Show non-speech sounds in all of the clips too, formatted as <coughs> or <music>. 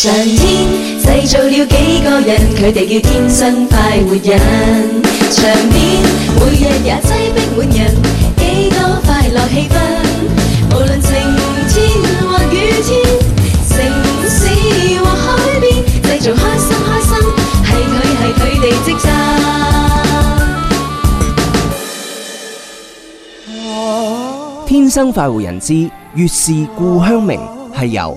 上天製造了幾個人，佢哋叫天生快活人。場面每日也擠逼滿人，幾多快樂氣氛。無論晴天或雨天，城市或海邊，製造開心開心係佢係佢哋職責。天生快活人之，月是故鄉明係由。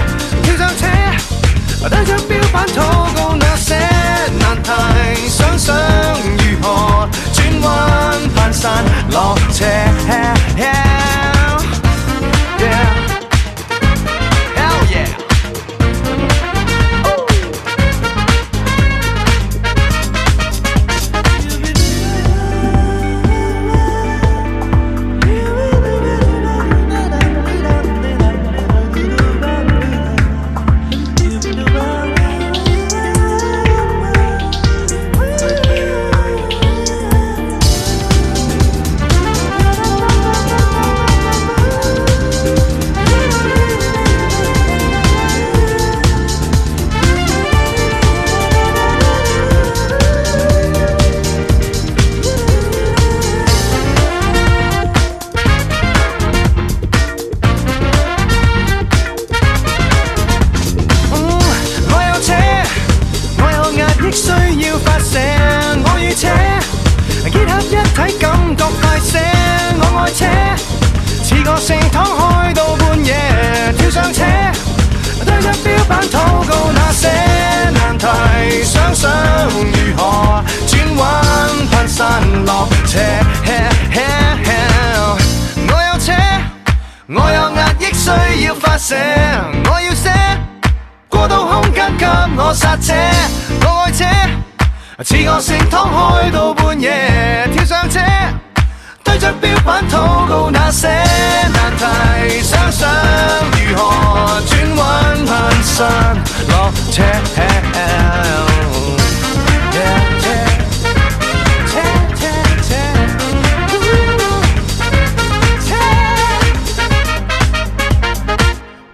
禱告那些難題想想如何轉彎翻身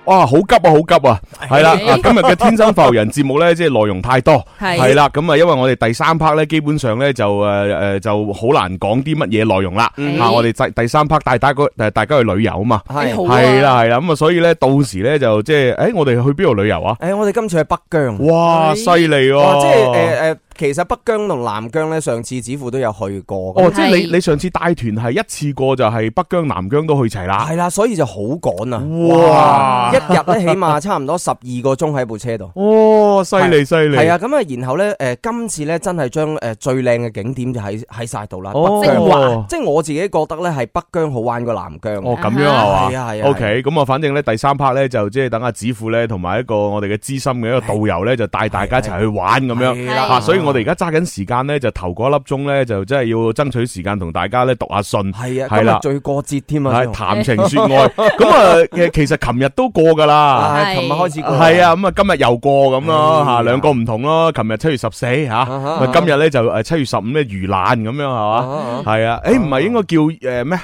哇！好急啊！好急啊！係啦， <music> 今日嘅天生浮人節目咧，即係內容太多，係啦，咁啊，因為我哋第三 part 咧，基本上咧就誒誒、呃、就好難講啲乜嘢內容啦。吓、 <music> 啊，我哋第第三 part 帶大家誒，大家去旅遊啊嘛，係啦係啦，咁啊，所以咧到時咧就即係，誒，我哋去邊度旅遊啊？誒、欸，我哋今次去北疆，哇，犀利喎！即係誒誒。呃呃其實北疆同南疆咧，上次子富都有去過。哦，即係你你上次帶團係一次過就係北疆南疆都去齊啦。係啦，所以就好趕啊！哇，一日咧起碼差唔多十二個鐘喺部車度。哦，犀利犀利。係啊，咁啊，然後咧誒，今次咧真係將誒最靚嘅景點就喺喺晒度啦。哦，即係我自己覺得咧係北疆好玩過南疆。哦，咁樣係嘛？係啊係啊。OK，咁啊，反正咧第三 part 咧就即係等阿子富咧同埋一個我哋嘅資深嘅一個導遊咧就帶大家一齊去玩咁樣吓，所以。我哋而家揸緊時間咧，就頭嗰一粒鐘咧，就真係要爭取時間同大家咧讀下信。係啊，係啦，最要過節添啊，談情說愛。咁啊，其實琴日都過噶啦，琴日開始過，係啊，咁啊，今日又過咁咯，吓兩個唔同咯。琴日七月十四吓，今日咧就誒七月十五咧盂蘭咁樣係嘛？係啊，誒唔係應該叫誒咩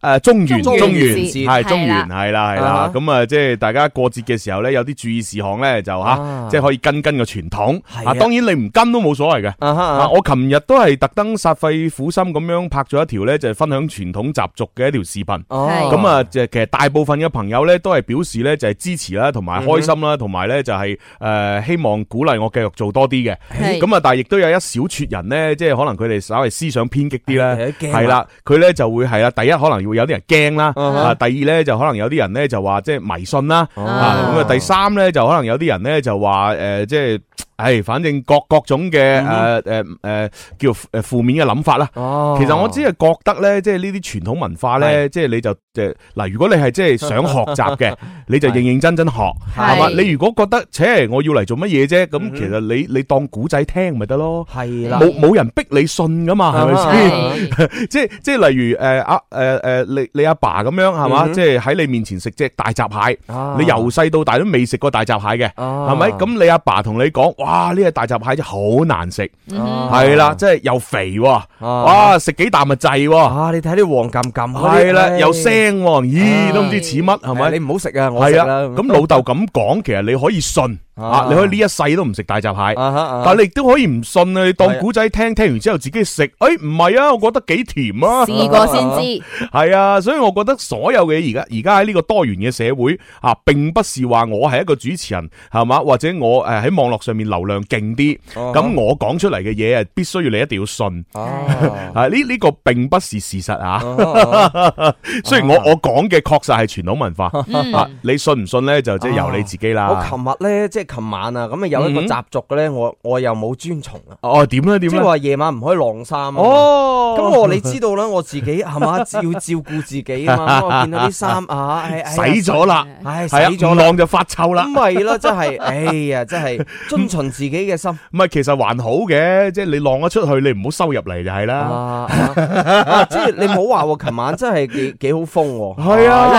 誒中元中元係中元係啦係啦，咁啊即係大家過節嘅時候咧有啲注意事項咧就吓，即係可以跟跟個傳統。係啊，當然你唔跟都冇。所謂嘅，我琴日都係特登煞費苦心咁樣拍咗一條咧，就係、是、分享傳統習俗嘅一條視頻。咁啊、哦、就、嗯、其實大部分嘅朋友咧，都係表示咧就係支持啦，同埋開心啦，同埋咧就係誒希望鼓勵我繼續做多啲嘅。咁啊是，但係亦都有一小撮人咧，即係可能佢哋稍為思想偏激啲啦，係啦，佢咧就會係啦。第一可能會有啲人驚啦，第二咧就可能有啲人咧就話即係迷信啦。咁、哦、啊、嗯、第三咧就可能有啲人咧就話誒即係。誒，反正各各種嘅誒誒誒叫誒負面嘅諗法啦。哦，其實我只係覺得咧，即係呢啲傳統文化咧，即係你就誒嗱，如果你係即係想學習嘅，你就認認真真學，係嘛？你如果覺得，切，我要嚟做乜嘢啫？咁其實你你當古仔聽咪得咯，係啦，冇冇人逼你信噶嘛，係咪先？即係即係例如誒阿誒誒你你阿爸咁樣係嘛？即係喺你面前食隻大閘蟹，你由細到大都未食過大閘蟹嘅，係咪？咁你阿爸同你講。哇！呢個大閘蟹、嗯、哼真係好難食，係啦，即係又肥，啊、哇！食幾啖咪滯，哇、啊！你睇啲黃冚冚，係啦的，哎、又腥，咦，哎、都唔知似乜，係咪、哎？是是你唔好食啊！我食啦。咁的老豆咁講，其實你可以信。啊！你可以呢一世都唔食大閘蟹，蟹，啊、但係你亦都可以唔信啊！你當古仔聽，聽完之後自己食，誒、哎，唔係啊，我覺得幾甜啊！試過先知，係 <laughs> 啊！所以我覺得所有嘅而家而家喺呢個多元嘅社會啊，並不是話我係一個主持人係嘛，或者我誒喺網絡上面流量勁啲，咁我講出嚟嘅嘢啊，必須要你一定要信啊！呢呢、 <laughs> 啊這個並不是事實啊！ <laughs> 雖然我我講嘅確實係傳統文化，嗯啊、你信唔信咧，就即係由你自己啦、啊。我琴日咧即係。琴晚啊，咁啊有一個習俗嘅咧，我我又冇遵從啊。哦，點咧點咧？即係話夜晚唔可以晾衫啊。哦，咁我話你知道啦，我自己係嘛，要照顧自己啊嘛。咁我見到啲衫啊，洗咗啦，唉，洗咗晾就發臭啦。唔係啦，真係，哎呀，真係遵循自己嘅心。唔係，其實還好嘅，即係你晾咗出去，你唔好收入嚟就係啦。即係你唔好話，琴晚真係幾幾好風。係啊，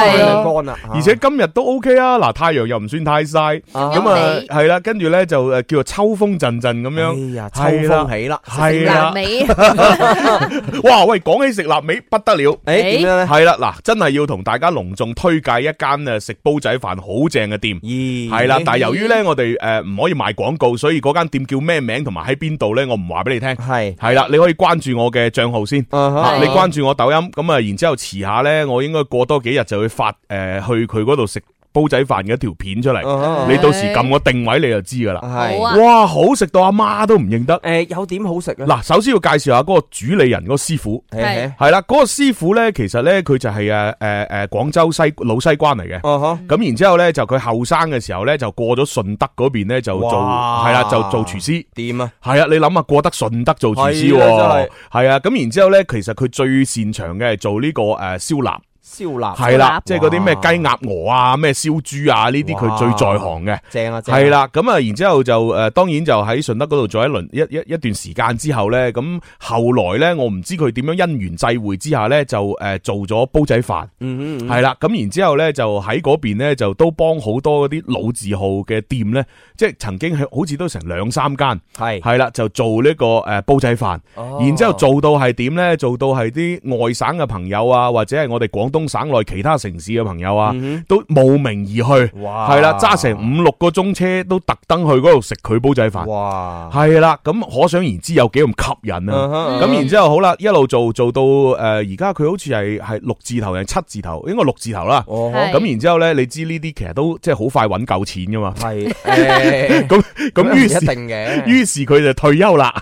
乾啦。而且今日都 OK 啊，嗱，太陽又唔算太曬，咁啊。係啦，跟住咧就誒，叫做秋風陣陣咁樣，哎呀。秋風起啦，係啦，臘味。哇，喂，講起食臘味不得了，誒、哎，點樣咧？係啦，嗱，真係要同大家隆重推介一間誒食煲仔飯好正嘅店。咦、哎，係啦，哎、但係由於咧我哋誒唔可以賣廣告，所以嗰間店叫咩名，同埋喺邊度咧，我唔話俾你聽。係，係啦，你可以關注我嘅賬號先。啊、你關注我抖音咁啊，然之後遲下咧，我應該過多幾日就會發、呃、去發誒去佢嗰度食。煲仔飯嘅一條片出嚟，你到時撳個定位，你就知噶啦。係哇，好食到阿媽都唔認得。誒，有點好食啊！嗱，首先要介紹下嗰個主理人，嗰個師傅係，係啦。嗰個師傅咧，其實咧佢就係誒誒誒廣州西老西關嚟嘅。咁然之後咧就佢後生嘅時候咧就過咗順德嗰邊咧就做係啦，就做廚師。掂啊！係啊，你諗下過得順德做廚師，係啊。咁然之後咧，其實佢最擅長嘅係做呢個誒燒臘。燒臘係啦，即係嗰啲咩雞鴨鵝啊，咩燒豬啊呢啲，佢最在行嘅。正啊，係啦，咁啊，然之後就誒、呃，當然就喺順德嗰度做一輪一一一段時間之後咧，咁、嗯、後來咧，我唔知佢點樣因緣際會之下咧，就誒做咗煲仔飯。嗯嗯，係啦，咁然之後咧，就喺嗰邊咧，就都幫好多嗰啲老字號嘅店咧，即、就、係、是、曾經好似都成兩三間，係係啦，就做呢個誒煲仔飯。嗯、哼然之後做到係點咧？做到係啲外省嘅朋友啊，或者係我哋廣東。省內其他城市嘅朋友啊，都慕名而去，係啦，揸成五六個鐘車都特登去嗰度食佢煲仔飯，哇，係啦，咁可想而知有幾咁吸引啊！咁然之後好啦，一路做做到誒，而家佢好似係係六字頭定七字頭，應該六字頭啦。咁然之後咧，你知呢啲其實都即係好快搵夠錢噶嘛。係咁咁，於是，一定嘅，於是佢就退休啦。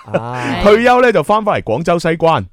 退休咧就翻翻嚟廣州西關，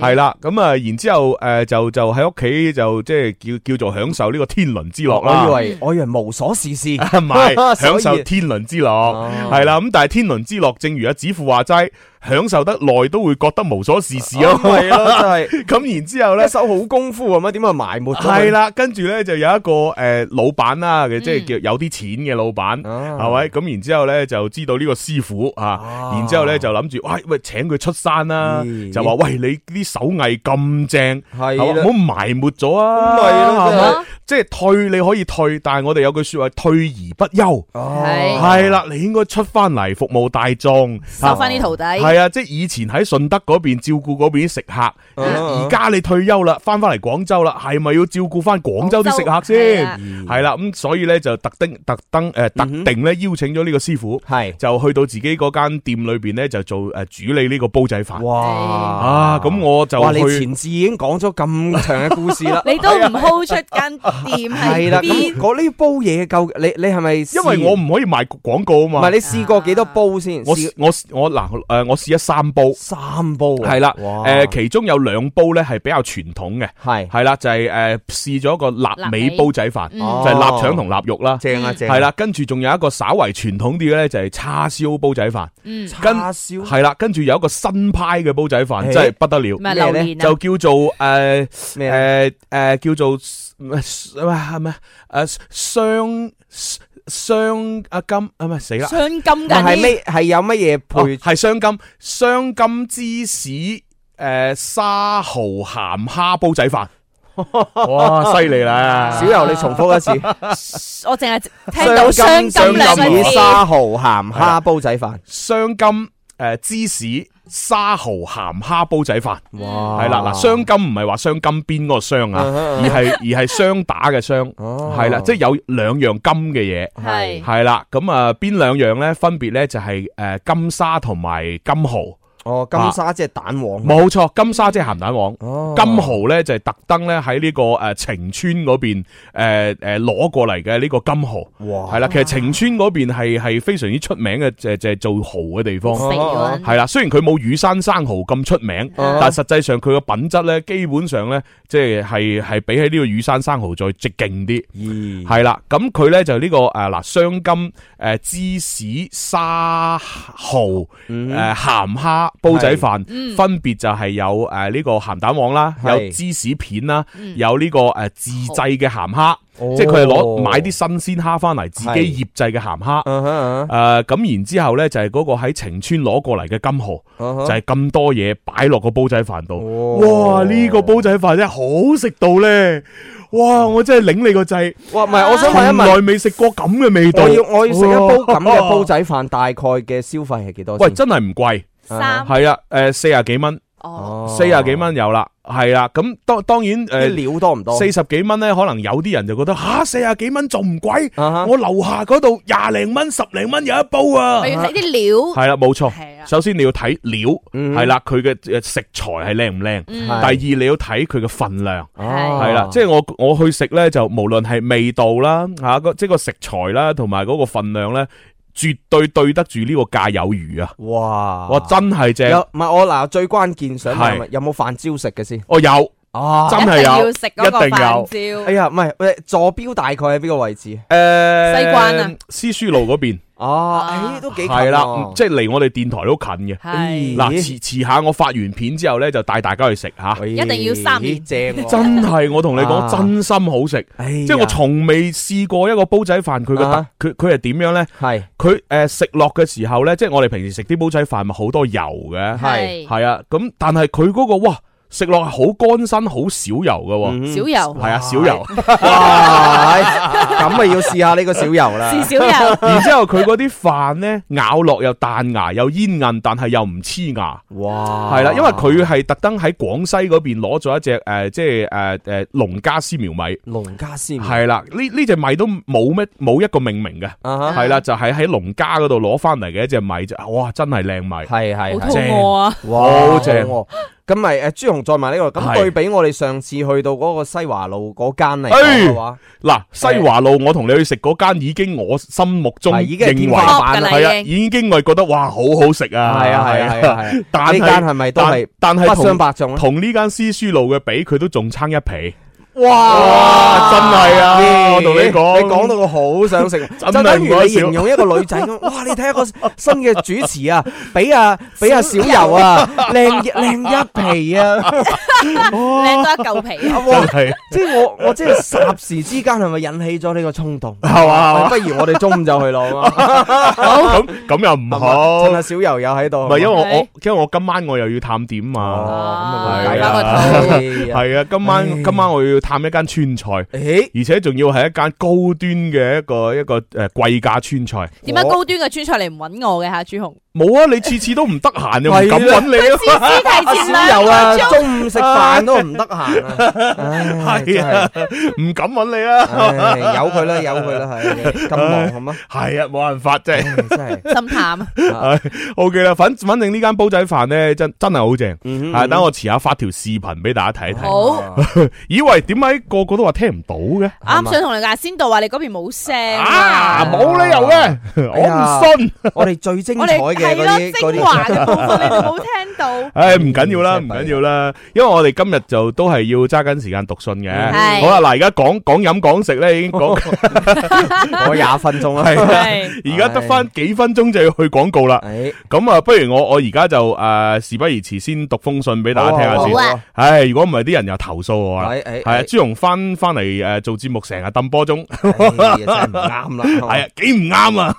係啦，咁啊，然之後誒就就喺屋企就。就即係叫叫做享受呢個天倫之樂啦，我以為我以為無所事事，唔係享受天倫之樂係啦，咁、oh. 但係天倫之樂，正如阿子富話齋。享受得耐都會覺得無所事事啊，係咯，就係咁。然之後咧，收好功夫，點樣埋沒咗？係啦，跟住咧就有一個誒老闆啦，即係叫有啲錢嘅老闆，係咪？咁然之後咧就知道呢個師傅啊，然之後咧就諗住，喂喂，請佢出山啦，就話喂你啲手藝咁正，係唔好埋沒咗啊？係咯，係咪？即係退，你可以退，但係我哋有句話，說話退而不休，係係啦，你應該出翻嚟服務大眾，收翻啲徒弟，係啊，即係以前喺順德嗰邊照顧嗰邊啲食客，而家，啊、你退休啦，翻翻嚟廣州啦，係咪要照顧翻廣州啲食客先？係啦、哦，咁所以咧就特登特登誒，特定咧、嗯、哼邀請咗呢個師傅，係的就去到自己嗰間店裏邊咧就做誒主理呢個煲仔飯。哇啊，咁我就話你前次已經講咗咁長嘅故事啦， <laughs> 你都唔好出根。 <laughs> <laughs> 點係啦，咁嗰呢煲嘢，夠你你係咪？因為我唔可以賣廣告啊嘛。唔係你試過幾多煲先？我我我嗱誒，我試咗三煲，三煲係啦。誒，其中有兩煲咧係比較傳統嘅，係係啦，就係誒試咗一個臘味煲仔飯，就係臘腸同臘肉啦，正啊正。係啦，跟住仲有一個稍為傳統啲嘅咧，就係叉燒煲仔飯，叉燒係啦，跟住有一個新派嘅煲仔飯，真係不得了。咩咧？就叫做誒誒誒叫做。唔係，唔係、嗯，係、嗯、咩？誒、嗯，雙雙阿金，啊咪死啦！雙金但係咩？係有乜嘢配？係雙金，雙金芝士誒、呃、沙蠔鹹蝦煲仔飯，哇，犀利啦！小劉，你重複一次。 <laughs> 我淨係聽到雙金芝士沙蠔鹹蝦煲仔飯，雙金誒芝士。呃沙蠔鹹蝦煲仔飯，係哇啦，嗱，雙金唔係話雙金邊嗰個雙啊， <laughs> 而係而係雙打嘅雙，係啦、哦，即係、就是、有兩樣金嘅嘢，係係啦，咁啊邊兩樣咧分別咧就係、是、誒、呃、金沙同埋金蠔。哦，金沙即係蛋黃，冇錯，金沙即係咸蛋黃。哦、金蚝咧就係特登咧喺呢個誒程村嗰邊誒誒攞過嚟嘅呢個金蚝。係哇啦，其實程村嗰邊係係非常之出名嘅，就係即係做蚝嘅地方。係啦，雖然佢冇乳山生蚝咁出名，哦、但係實際上佢個品質咧，基本上咧即係係係比起呢個乳山生蚝再直勁啲。係、嗯、啦，咁佢咧就呢、這個誒嗱雙金誒、呃、芝士沙蚝誒咸蝦。煲仔飯分別就係有誒呢個鹹蛋黃啦，有芝士片啦，有呢個誒自製嘅鹹蝦，即係佢係攞買啲新鮮蝦翻嚟自己醃製嘅鹹蝦。誒咁然之後咧就係嗰個喺晴川攞過嚟嘅金蠔，就係咁多嘢擺落個煲仔飯度。哇！呢個煲仔飯真係好食到咧！哇！我真係領你個掣！哇！唔係，我想問一問，真係好耐未食過咁嘅味道。我要我要食一煲咁嘅煲仔飯，大概嘅消費係幾多？喂，真係唔貴。係啊，誒，四廿幾蚊，四廿幾蚊有啦，係啦。咁當當然，誒，料多唔多？四十幾蚊咧，可能有啲人就覺得吓，四廿幾蚊仲唔貴？我樓下嗰度廿零蚊、十零蚊有一煲啊！你要睇啲料，係啦，冇錯。首先你要睇料，係啦，佢嘅誒食材係靚唔靚？第二你要睇佢嘅份量，係啦，即係我我去食咧，就無論係味道啦，吓個即係個食材啦，同埋嗰個份量咧。絕對對得住呢個價有餘啊！哇，哇真係正，唔係我嗱最關鍵想問是，有冇飯焦食嘅先？哦，有。啊，真係有，一定有。哎呀，唔係，誒，坐標大概喺邊個位置？誒，西關啊，詩書路嗰邊。哦，呢都幾近。係啦，即係離我哋電台都近嘅。係，嗱，遲遲下我發完片之後咧，就帶大家去食吓。一定要三熱正。真係，我同你講，真心好食。即係我從未試過一個煲仔飯，佢嘅，佢佢係點樣咧？係，佢誒食落嘅時候咧，即係我哋平時食啲煲仔飯，咪好多油嘅。係，係啊，咁但係佢嗰個哇。食落係好乾身，好少油㗎，少油係啊，少油哇，咁咪要試下呢個少油啦。試少油，然之後佢嗰啲飯咧咬落又彈牙又煙韌，但係又唔黐牙。哇，係啦，因為佢係特登喺廣西嗰邊攞咗一隻誒，即係誒誒農家絲苗米。農家絲係啦，呢呢隻米都冇咩冇一個命名嘅，係啦，就係喺農家嗰度攞翻嚟嘅一隻米就，哇，真係靚米，係係好正，哇，好正。咁咪誒朱紅再埋呢個，咁對比我哋上次去到嗰個西華路嗰間嚟嘅話嗱，西華路我同你去食嗰間已經我心目中認為已經係見嘅啦，已經我係覺得哇好好食啊！係啊係啊，但係但係不相伯仲，同呢間思書路嘅比，佢都仲差一皮。哇！真係啊，我同你講，你講到我好想食。真係唔好形容一個女仔咁。哇！你睇下個新嘅主持啊，畀阿畀阿小柔啊，靚靚一皮啊，靚多一舊皮啊。即係我我即係霎時之間係咪引起咗呢個衝動？係嘛？不如我哋中午就去咯。咁咁又唔好。趁阿小柔又喺度。唔係因為，我我因為我今晚我又要探點嘛。咁啊係啊。係啊，今晚今晚我要。探一間川菜，而且仲要係一間高端嘅，一個一個誒，貴價川菜。點解高端嘅川菜嚟，唔揾我嘅吓？朱紅，冇啊！你次次都唔得閒，唔咁揾你次次提前啦，中午食飯都唔得閒啊，係啊，唔敢揾你啊，由佢啦，由佢啦，係咁忙好嘛？係啊，冇辦法啫，真係。心淡，O K 啦，反反正呢間煲仔飯咧，真真係好正。等我遲下發條視頻俾大家睇一睇。好，以為。點解個個都話聽唔到嘅？啱想同你牙仙道話，你嗰邊冇聲啊！冇理由嘅，我唔信。我哋最精彩嘅嗰啲精華嘅部分你冇聽到。唉，唔緊要啦，唔緊要啦。因為我哋今日就都係要揸緊時間讀信嘅。好啦，嗱，而家講講飲講食咧，已經講過廿分鐘啦。係而家得翻幾分鐘就要去廣告啦。咁啊，不如我我而家就誒，事不宜遲，先讀封信俾大家聽下先。唉，如果唔係啲人又投訴我啦。係。朱蓉翻翻嚟誒做節目成日抌波鐘，真係唔啱啦，係啊幾唔啱啊。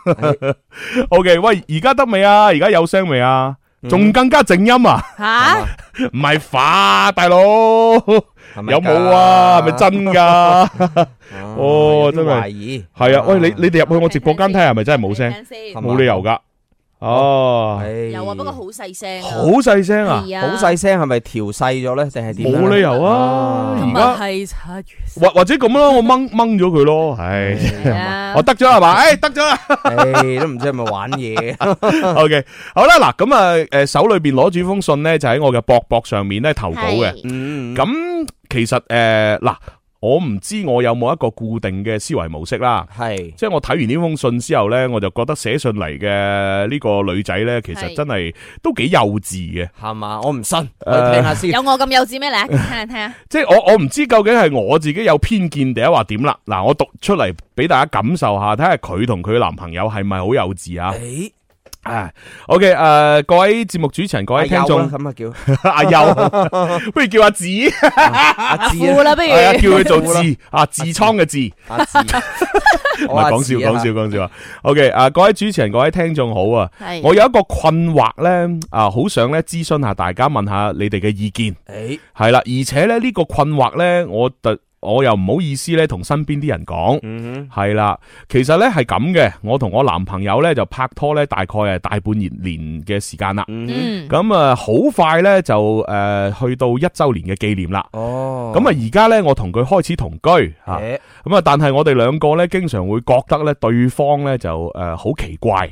OK，喂，而家得未啊？而家有聲未啊？仲更加靜音啊？吓，唔係法，大佬有冇啊？係咪真噶？哦，真係，係啊。喂，你你哋入去我直播間睇下，係咪真係冇聲？冇理由噶。哦，係，又話，不過好細聲，好細聲啊，好細聲係咪調細咗咧，定係點？冇理由啊，而家係拆，或或者咁咯，我掹掹咗佢咯，唉，我得咗係咪？誒，得咗啦，都唔知係咪玩嘢？OK，好啦，嗱，咁啊，誒，手裏邊攞住封信咧，就喺我嘅博博上面咧投稿嘅，咁其實誒，嗱。我唔知我有冇一個固定嘅思維模式啦，係是，即係我睇完呢封信之後咧，我就覺得寫信嚟嘅呢個女仔咧，是其實真係都幾幼稚嘅，係嘛？我唔信，呃、聽下先。有我咁幼稚咩嚟，呃、聽下聽下。即係我我唔知究竟係我自己有偏見定係話點啦。嗱，我讀出嚟俾大家感受下，睇下佢同佢男朋友係咪好幼稚啊？欸啊，OK，誒，各位節目主持人，各位聽眾，咁啊叫阿友，不如叫阿紫，阿子啦，不如叫佢做痔，阿痔瘡嘅痔，我講笑講笑講笑啊！OK，啊，各位主持人，各位聽眾好啊，我有一個困惑咧，啊，好想咧諮詢下大家，問下你哋嘅意見，係啦，而且咧呢個困惑咧，我特。我又唔好意思咧，同身邊啲人講，係啦，其實咧係咁嘅，我同我男朋友咧就拍拖咧，大概係大半年年嘅時間啦，咁啊好快咧就誒去到一周年嘅紀念啦。哦，咁啊而家咧我同佢開始同居吓，咁啊是但係我哋兩個咧，經常會覺得咧對方咧就誒好奇怪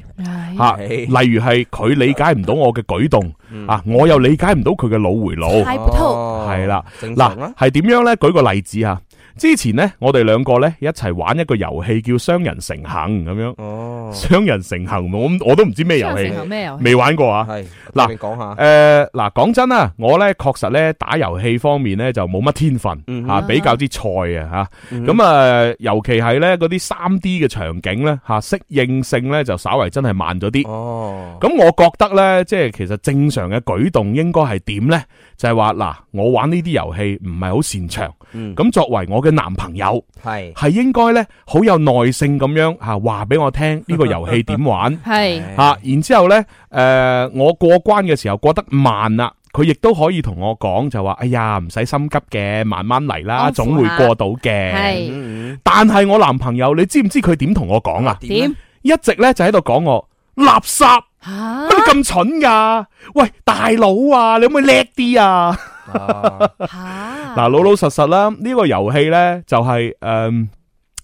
吓，是例如係佢理解唔到我嘅舉動。啊！我又理解唔到佢嘅腦回路，係啦，嗱、哦，係點了、啊、樣咧？舉個例子吓。之前咧，我哋兩個咧一齊玩一個遊戲叫雙人成行咁樣。哦，雙人成行，我我都唔知咩遊戲，咩遊戲未玩過啊？係嗱，講下誒，嗱講、呃、真啊，我咧確實咧打遊戲方面咧就冇乜天分吓、嗯、哼比較之菜啊吓。咁啊、嗯哼，尤其係咧啲三 D 嘅場景咧，吓、啊、適應性咧就稍微真係慢咗啲。哦，咁我覺得咧，即係其實正常嘅舉動應該係點咧？就係話嗱，我玩呢啲遊戲唔係好擅長。嗯，咁作為我嘅。男朋友係係是應該咧好有耐性咁樣吓話俾我聽 <laughs> 是呢個遊戲點玩，係吓然之後咧誒我過關嘅時候過得慢啦，佢亦都可以同我講就話，哎呀唔使心急嘅，慢慢嚟啦，總會過到嘅，係、嗯嗯嗯、但係我男朋友你知唔知佢點同我講啊？點、啊、一直咧就喺度講我垃圾乜、啊、你咁蠢噶、啊、喂大佬啊，你可唔可以叻啲啊？嗱，啊、老老實實啦，呢、個遊戲呢，就係誒，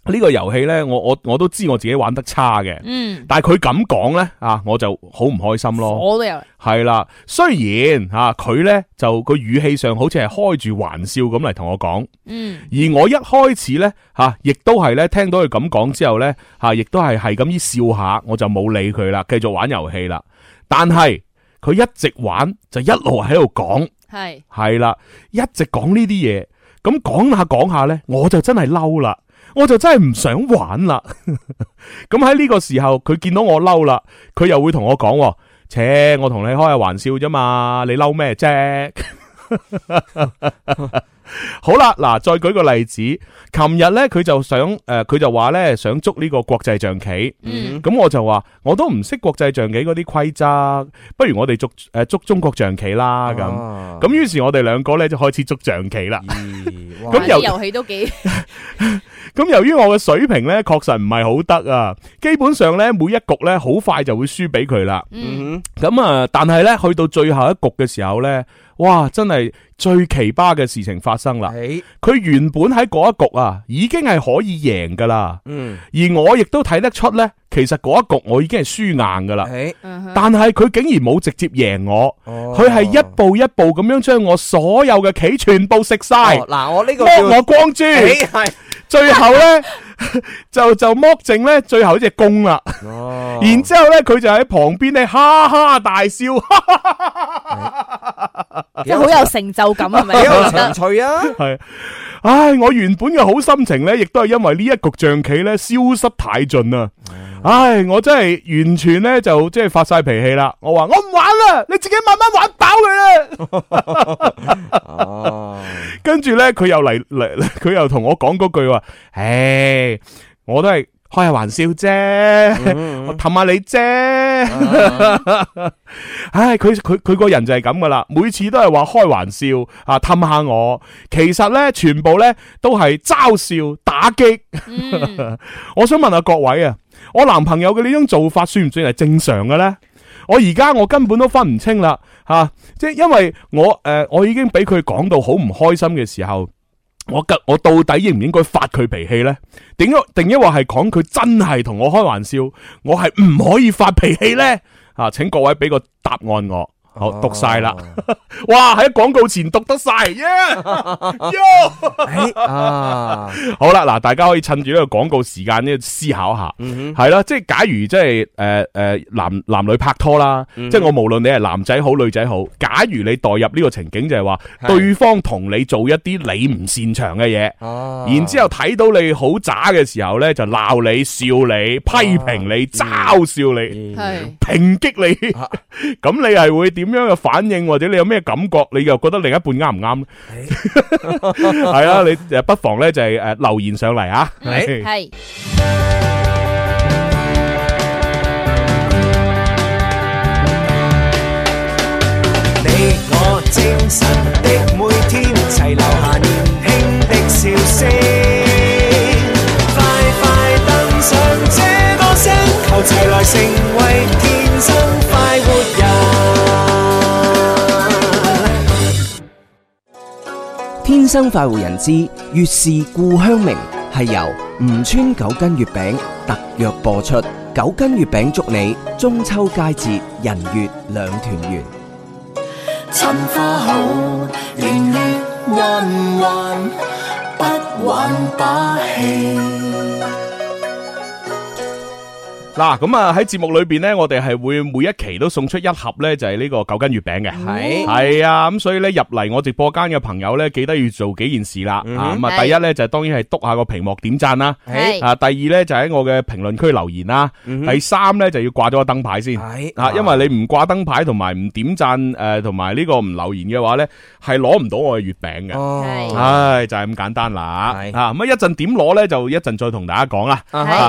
呢、個遊戲呢。我我我都知我自己玩得差嘅，嗯，但係佢咁講呢，啊，我就好唔開心咯，我都有，係啦，雖然吓佢、啊、呢，就個語氣上好似係開住玩笑咁嚟同我講，嗯，而我一開始呢，吓、啊，亦都係咧聽到佢咁講之後呢，吓、啊，亦都係係咁意笑下，我就冇理佢啦，繼續玩遊戲啦，但係佢一直玩就一路喺度講。係係啦，一直講呢啲嘢，咁講下講下呢，我就真係嬲啦，我就真係唔想玩啦。咁喺呢個時候，佢見到我嬲啦，佢又會同我講：「切，我同你開下玩笑啫嘛，你嬲咩啫？ <laughs> <laughs> 好啦，嗱，再舉個例子，琴日咧佢就想誒，佢、呃、就話咧想捉呢個國際象棋，咁、mm hmm. 我就話我都唔識國際象棋嗰啲規則，不如我哋捉誒捉中國象棋啦，咁咁於是我哋兩個咧就開始捉象棋啦，咁、mm hmm. <laughs> 由遊戲都幾，咁 <laughs> 由於我嘅水平咧確實唔係好得啊，基本上咧每一局咧好快就會輸俾佢啦，咁啊、mm hmm. 嗯，但係咧去到最後一局嘅時候咧。哇！真係最奇葩嘅事情發生啦！佢嘿原本喺嗰一局啊，已經係可以贏噶啦。嗯，而我亦都睇得出呢，其實嗰一局我已經係輸硬噶啦。嗯，但係佢竟然冇直接贏我，佢係、哦、一步一步咁樣將我所有嘅棋全部食晒。嗱、哦啊，我呢個剝我光豬。最後咧 <laughs> 就、就剝剩咧，最後一隻公啦，哇然之後咧佢就喺旁邊咧哈哈大笑，即係好、哎、有成就感啊，係咪？ <laughs> 好有趣啊，係，唉，我原本嘅好心情咧，亦都係因為呢一局象棋咧消失太盡啊。哎唉，我真係完全咧就即係發晒脾氣啦！我話我唔玩啦，你自己慢慢玩飽佢啦。 <laughs> <laughs> 跟住咧，佢又嚟嚟，佢又同我講嗰句話：唉、欸，我都係開下玩笑啫，嗯嗯，我氹下你啫。 <laughs> 唉，佢佢佢個人就係咁噶啦，每次都係話開玩笑啊，氹下我。其實咧，全部咧都係嘲笑打擊。 <laughs> 嗯、我想問下各位啊。我男朋友嘅呢種做法算唔算係正常嘅呢？我而家我根本都分唔清啦，吓、啊，即係因為我誒、呃，我已經俾佢講到好唔開心嘅時候，我我到底應唔應該發佢脾氣呢？點一定抑或係講佢真係同我開玩笑，我係唔可以發脾氣呢？吓、啊，請各位俾個答案我。好讀晒啦！哇，喺廣告前讀得晒耶！好啦，嗱，大家可以趁住呢個廣告時間呢思考下，係啦，即係假如即係誒誒男男女拍拖啦，即係我無論你係男仔好女仔好，假如你代入呢個情景就係話，對方同你做一啲你唔擅長嘅嘢，然之後睇到你好渣嘅時候咧，就鬧你、笑你、批評你、嘲笑你、抨擊你，咁你係會點？咁樣嘅反應或者你有咩感覺？你又覺得另一半啱唔啱咧？係啊，你不妨咧就係誒留言上嚟啊！係。你我精神的每天齊留下年輕的笑聲，快快登上這個星球，齊來成為天生快活人。天生快活人之月是故鄉明。係由吳川九斤月餅特約播出，九斤月餅祝你中秋佳節人月兩團圓。春花好，年月彎彎，不玩把戲。嗱咁啊喺節目裏邊呢，我哋係會每一期都送出一盒呢，就係呢個九斤月餅嘅。係係啊，咁所以呢，入嚟我直播間嘅朋友呢，記得要做幾件事啦。啊，咁啊，第一呢，就係當然係篤下個屏幕點讚啦。啊，第二呢，就喺我嘅評論區留言啦。第三呢，就要掛咗個燈牌先。啊，因為你唔掛燈牌同埋唔點讚誒，同埋呢個唔留言嘅話呢，係攞唔到我嘅月餅嘅。係，就係咁簡單啦。係啊，咁啊一陣點攞呢，就一陣再同大家講啦。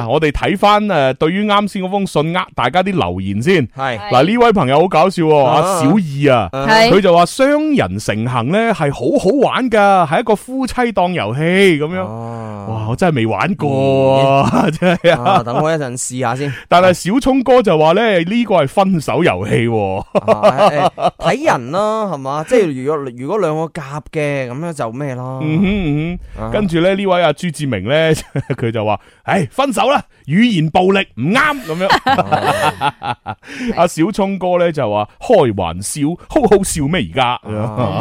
我哋睇翻誒，對於啱。啱先嗰封信呃大家啲留言先。係嗱呢位朋友好搞笑，阿小二啊，佢就話雙是人成行咧係好好玩噶，係一個夫妻檔遊戲咁樣，啊、哇我真係未玩過，真係、嗯、啊，等我一陣試下先。 <laughs> 但係小聰哥就話咧呢個係分手遊戲，睇、啊哎哎、人咯、啊，係嘛，即係 <laughs> 如果如果兩個夾嘅咁樣就咩咯、嗯嗯，跟住咧呢位阿、啊、朱志明咧佢就話，唉、哎、分手啦，語言暴力唔啱。咁樣，阿小聰哥咧就話開玩笑，好好笑咩？而家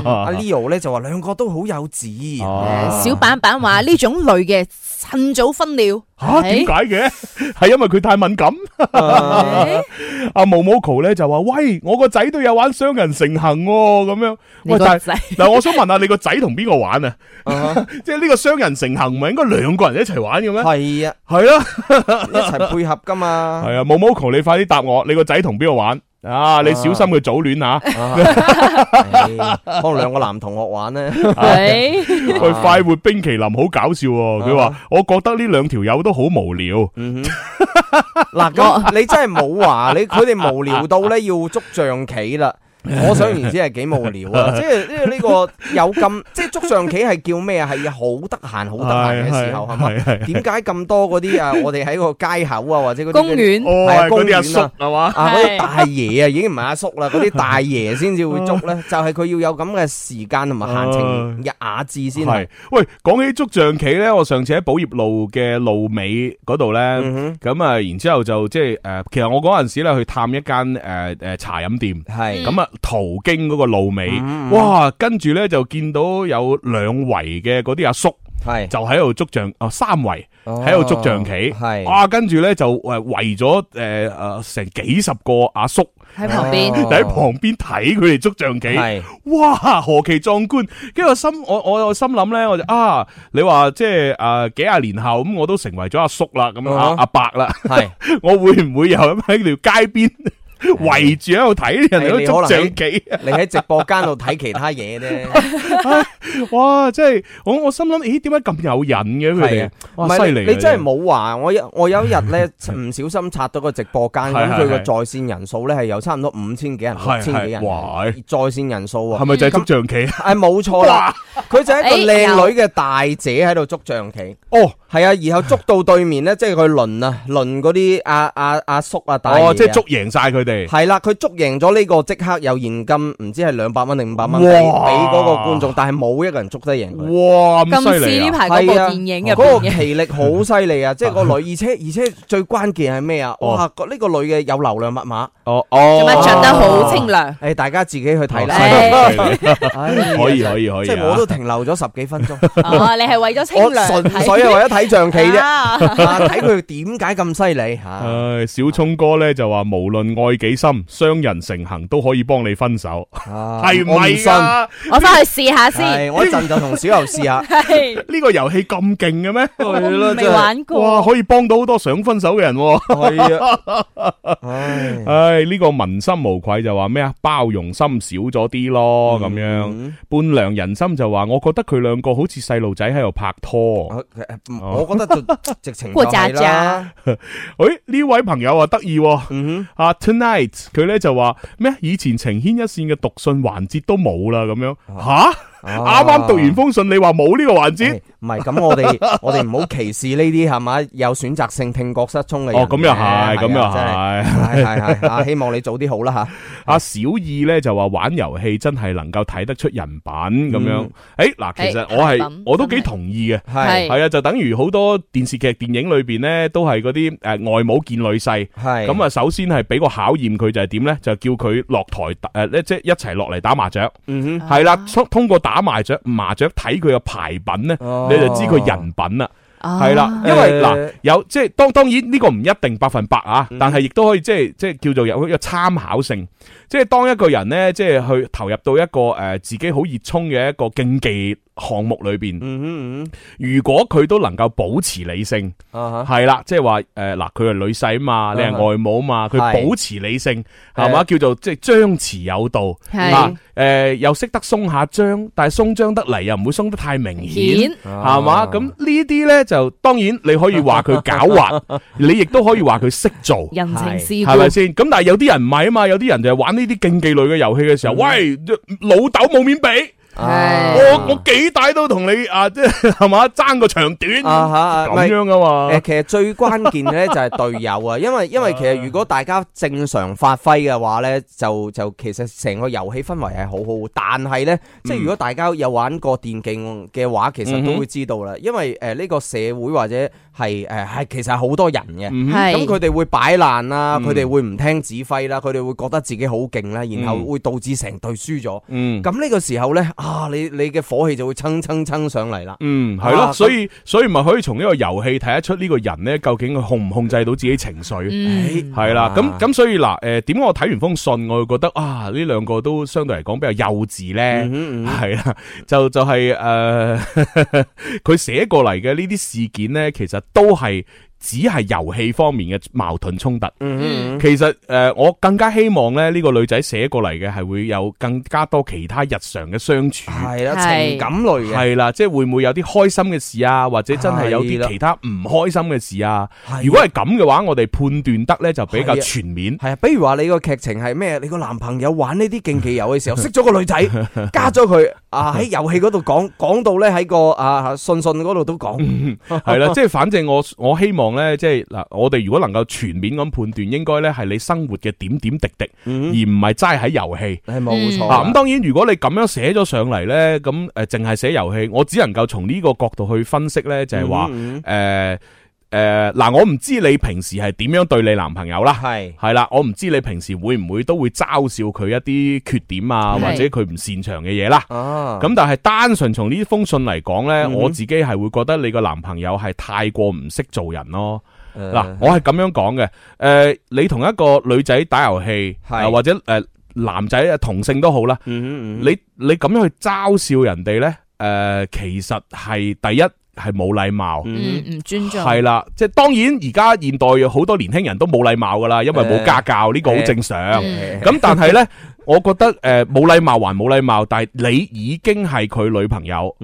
阿 Leo 咧就話兩個都好幼稚、啊。Uh, 小板板話呢種類嘅趁早分了。吓，點解嘅？係、啊、因為佢太敏感。阿、uh, 啊、毛毛球咧就話：喂，我個仔都有玩雙人成行咁、啊、樣。你個仔嗱，我想問下你、uh huh. 個仔同邊個玩啊？即係呢個雙人成行唔係應該兩個人一齊玩嘅咩？係、uh huh. 啊，係啦，一齊配合噶嘛。係啊，毛毛球，你快啲答我，你個仔同邊個玩？啊！你小心佢早戀吓、啊，可能兩個男同學玩咧。佢快活冰淇淋好搞笑、啊，佢話、啊、我覺得呢兩條友都好無聊。嗱、嗯，哥、啊， <laughs> 啊、你真係冇話你佢哋無聊到咧要捉象棋啦。我想而知係幾無聊啊！即係呢個有咁即係捉象棋係叫咩啊？係好得閒好得閒嘅時候係咪？點解咁多嗰啲啊？我哋喺個街口啊，或者公園係公園啊，嗰啲大爺啊，已經唔係阿叔啦，嗰啲大爺先至會捉咧。就係佢要有咁嘅時間同埋閒情嘅雅致先係。喂，講起捉象棋咧，我上次喺寶業路嘅路尾嗰度咧，咁啊，然之後就即係誒，其實我嗰陣時咧去探一間誒誒茶飲店係咁啊。途經嗰個路尾，哇！跟住咧就見到有兩圍嘅嗰啲阿叔，係就喺度捉象，哦，三圍喺度捉象棋，係哇！跟住咧就誒圍咗誒誒成幾十個阿叔喺旁邊，就喺旁邊睇佢哋捉象棋，哇！何其壯觀！跟住我心，我我又心諗咧，我就啊，你話即係誒幾廿年後咁，我都成為咗阿叔啦，咁樣，阿伯啦，係我會唔會又咁喺條街邊？圍住喺度睇人哋捉象棋，你喺直播間度睇其他嘢咧。哇！真係我我心諗，咦？點解咁有癮嘅佢哋？哇！犀利！你真係冇話我有我有一日咧，唔小心刷到個直播間，咁佢個在綫人數咧係有差唔多五千幾人，六千幾人。哇！在綫人數啊，係咪就係捉象棋？係冇錯啦，佢就係一個靚女嘅大姐喺度捉象棋。哦。係啊，然後捉到對面咧，即係佢輪啊，輪嗰啲阿阿阿叔啊，大即係捉贏晒佢哋。係啦，佢捉贏咗呢個，即刻有現金，唔知係兩百蚊定五百蚊俾嗰個觀眾，但係冇一個人捉得贏。哇，咁犀利啊！係啊，嗰個奇力好犀利啊！即係個女，而且而且最關鍵係咩啊？哇，呢個女嘅有流量密碼哦哦，着得好清涼？誒，大家自己去睇啦，可以可以可以，即係我都停留咗十幾分鐘。你係為咗清涼，我純粹係為咗。睇象棋啫，睇佢點解咁犀利吓。唉，小聰哥咧就話，無論愛幾深，雙人成行都可以幫你分手。係唔係？我翻去試下先。我一陣就同小游試下。呢個遊戲咁勁嘅咩？未玩過哇，可以幫到好多想分手嘅人。係啊。唉，呢個問心無愧就話咩啊？包容心少咗啲咯，咁樣。半良人心就話，我覺得佢兩個好似細路仔喺度拍拖。 <laughs> 我覺得就 <laughs> 直情過家家。誒、 <laughs> 哎，呢位朋友啊，得意，啊、mm hmm. uh, Tonight 佢咧就話咩？以前情牽一線嘅讀信環節都冇啦，咁樣吓？啱、啊、啱、啊、 <laughs> 讀完封信，你話冇呢個環節？哎唔係咁，我哋我哋唔好歧視呢啲係嘛有選擇性聽覺失聰嘅人。哦，咁又係，咁又真係係係啊！希望你早啲好啦嚇。阿小二咧就話玩遊戲真係能夠睇得出人品咁樣。誒嗱，其實我係我都幾同意嘅。係係啊，就等於好多電視劇、電影裏邊咧，都係嗰啲誒外母見女婿。係咁啊，首先係俾個考驗佢就係點咧？就叫佢落台打誒咧，即係一齊落嚟打麻雀。嗯哼，係啦，通通過打麻雀麻雀睇佢嘅牌品咧。你就知佢人品啦，係啦，因為嗱有即係，當然當然呢個唔一定百分百啊，但係亦都可以即係即係叫做有一個參考性，即係當一個人咧，即係去投入到一個誒、呃、自己好熱衷嘅一個競技。項目裏邊，如果佢都能夠保持理性，係啦，即係話誒，嗱佢係女婿啊嘛，你係外母啊嘛，佢保持理性係嘛，叫做即係張弛有道，係又識得鬆下張，但係鬆張得嚟又唔會鬆得太明顯，係嘛？咁呢啲呢，就當然你可以話佢狡猾，你亦都可以話佢識做人情世故，係咪先？咁但係有啲人唔係啊嘛，有啲人就係玩呢啲競技類嘅遊戲嘅時候，喂，老豆冇面俾。啊、我我幾大都同你啊，即係係嘛爭個長短咁、啊啊、樣噶嘛？其實最關鍵嘅呢就係隊友啊，因為 <laughs> 因為其實如果大家正常發揮嘅話呢，就就其實成個遊戲氛圍係好好。但係呢，即係、嗯、如果大家有玩過電競嘅話，其實都會知道啦，嗯、哼因為誒呢個社會或者。係誒係，其實係好多人嘅，咁佢哋會擺爛啦，佢哋、mm hmm. 會唔聽指揮啦，佢哋、mm hmm. 會覺得自己好勁啦，然後會導致成隊輸咗。咁呢、mm hmm. 個時候咧啊，你你嘅火氣就會蹭蹭蹭，蹭上嚟啦。係咯、mm hmm. 啊，所以所以咪可以從呢個遊戲睇得出呢個人咧，究竟佢控唔控制到自己情緒？係啦、mm，咁、hmm. 咁所以嗱，誒、呃、點解我睇完封信，我會覺得啊，呢兩個都相對嚟講比較幼稚咧。係啦、mm hmm.，就就係、是、誒，佢、呃、寫過嚟嘅呢啲事件咧，其實。都係。只係遊戲方面嘅矛盾衝突，嗯嗯其實誒、呃，我更加希望咧呢、這個女仔寫過嚟嘅係會有更加多其他日常嘅相處，情感類嘅，係啦，即係會唔會有啲開心嘅事啊，或者真係有啲其他唔開心嘅事啊？的如果係咁嘅話，我哋判斷得呢就比較全面。係啊，比如話你個劇情係咩？你個男朋友玩呢啲競技遊戲嘅時候， <laughs> 識咗個女仔，加咗佢，啊喺遊戲嗰度講，講到呢喺個啊信信嗰度都講，係啦， <laughs> 即係反正我我希望。咧即係嗱，我哋如果能夠全面咁判斷，應該咧係你生活嘅點點滴滴，嗯、而唔係齋喺遊戲。係冇錯。嗱，咁當然如果你咁樣寫咗上嚟咧，咁誒淨係寫遊戲，我只能夠從呢個角度去分析咧，就係話誒。呃誒，嗱、呃，我唔知你平時係點樣對你男朋友啦，係係是啦，我唔知你平時會唔會都會嘲笑佢一啲缺點啊，是或者佢唔擅長嘅嘢啦。哦、啊，咁但係單純從呢封信嚟講呢，嗯、哼我自己係會覺得你個男朋友係太過唔識做人咯。嗱、呃，我係咁樣講嘅。誒、呃，你同一個女仔打遊戲是、呃，或者誒、呃、男仔同性都好啦。你你咁樣去嘲笑人哋呢，誒、呃，其實係第一。係冇禮貌，唔、嗯、尊重，係啦。即係當然，而家現代好多年輕人都冇禮貌噶啦，因為冇家教，呢、欸、個好正常。咁、欸欸嗯、但係呢， <laughs> 我覺得誒冇禮貌還冇禮貌，但係你已經係佢女朋友，